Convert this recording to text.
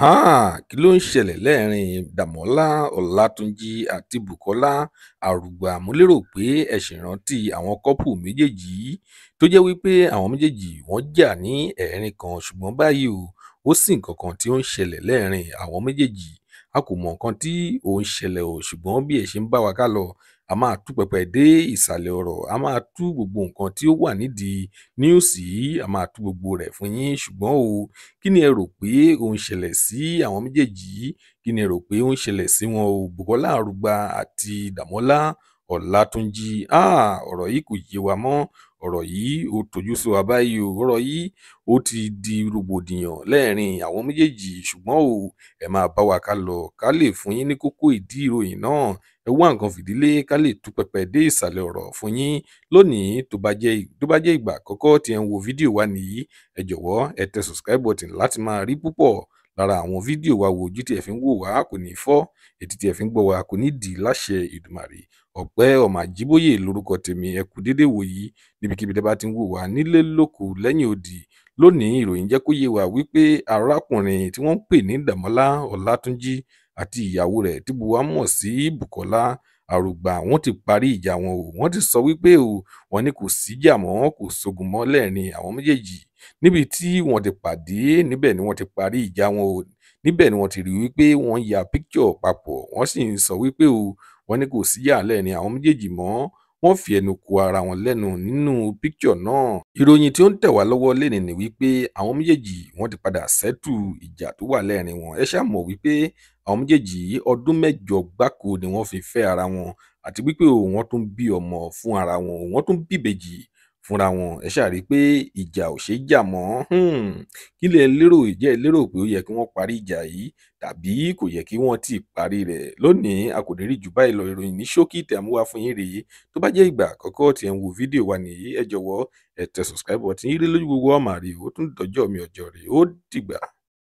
háà ah, kí ló ń ṣẹlẹ lẹẹrin dàmọlà ọlátúnjì àti bukola arugba mo lérò pé ẹ ṣì rántí àwọn kọpù méjèèjì yìí tó jẹ wípé àwọn méjèèjì wọn jà ní ẹẹrin kan ṣùgbọn báyìí o ó sì nǹkan tí ó ń ṣẹlẹ lẹẹrin àwọn méjèèjì a kò mọ nǹkan tí ò ń ṣẹlẹ o ṣùgbọn bí ẹ ṣe ń bá wa ká lọ a máa tú pẹpẹ dé ìsàlẹ̀ ọ̀rọ̀ a máa tú gbogbo nǹkan tí ó wà nídìí níùsì yìí a máa tú gbogbo rẹ̀ fún yín ṣùgbọ́n o kí ni ẹ rò pé ó ń ṣẹlẹ̀ sí àwọn méjèèjì yìí kí ni ẹ rò pé ó ń ṣẹlẹ̀ sí wọn o Bùkọ́lá Arugba àti Dàmọ́lá Ọlátúnjí háà yìí kò yé wa mọ́ ọ̀rọ̀ yìí ó tojú sú wa báyìí o ọ̀rọ̀ yìí ó ti di rògbòdìyàn lẹ́ẹ̀rin àwọn méjèèjì ṣùgbọ́n o ẹ máa bá wa ká lọ ká lè fún yín ní kókó ìdí ìròyìn náà ẹ wá nǹkan fìdílé ká lè tú pẹpẹ dé ìsàlẹ̀ ọ̀rọ̀ fún yín lónìí tó bá jẹ́ tó bá jẹ́ ìgbà àkọ́kọ́ tí ẹ ń wo fídíò wa nìyí ẹ jọ̀wọ́ ẹ tẹ subscribe button láti máa rí púpọ̀ lára àwọn fídíò wa wo ojú tí ẹ fi ń wò wá kò ní fọ́ etí tí ẹ fi ń gbọ́ wá kò ní dì láṣẹ Èdùmàrè Ọpẹ́ Ọmọ Àjíbóyè lórúkọ tèmi ẹ kú déédéé wòyí níbikíbi tẹ́ bá ti ń wò wá nílé lóko lẹ́yìn odi lónìí ìròyìn jẹ́ kó yé wa wípé arákùnrin tí wọ́n ń pè ní Dàmọ́lá Ọlátúnjí àti ìyàwó rẹ̀ tí gbogbo mọ̀ sí Bùkọ́lá àrògbà wọn ti parí ìjà wọn o wọn ti sọ wípé o wọn ní kò síjà mọ́ kò sógun mọ́ lẹ́ẹ̀rin àwọn méjèèjì níbi tí wọn ti pàdé níbẹ̀ ni wọn ti parí ìjà wọn o níbẹ̀ ni wọn ti rí wípé wọn ya píkíọ̀ papọ̀ wọn sì ń sọ wípé o wọn ní kò síjà lẹ́ẹ̀rin àwọn méjèèjì mọ́ wọ́n fi ẹnu ko ara wọn lẹ́nu nínú píkṣọ̀ náà. ìròyìn tí ó ń tẹ̀ wá lọ́wọ́ lẹ́ni ni wípé àwọn méjèèjì wọ́n ti padà sẹ́tù ìjà tó wà lẹ́rìn wọn ẹ ṣáà mọ̀ wípé àwọn méjèèjì ọdún mẹ́jọ gbáko ni wọ́n fi fẹ́ ara wọn àti wípé òun wọ́n tún bí ọmọ fún ara wọn òun tún bí fúnra wọn ẹ ṣàrí pé ìjà ò ṣeé jà mọ́ hmm. kí lẹ lérò ìjẹ lérò pé ó yẹ kí wọ́n parí ìjà yìí tàbí kò yẹ kí wọ́n ti parí rẹ̀ lónìí a kò ní rí jù báyìí lọ ìròyìn ní ṣókí tẹ àmúwá fún yín rèé tó bá jẹ́ ìgbà àkọ́kọ́ tí ẹ ń wo fídíò wa nìyí ẹ jọ̀wọ́ ẹ tẹ subscribe button yín rí lójú gbogbo ọmọ rèé ó tún dọjọ́ mi ọjọ́ rèé ó dìgbà.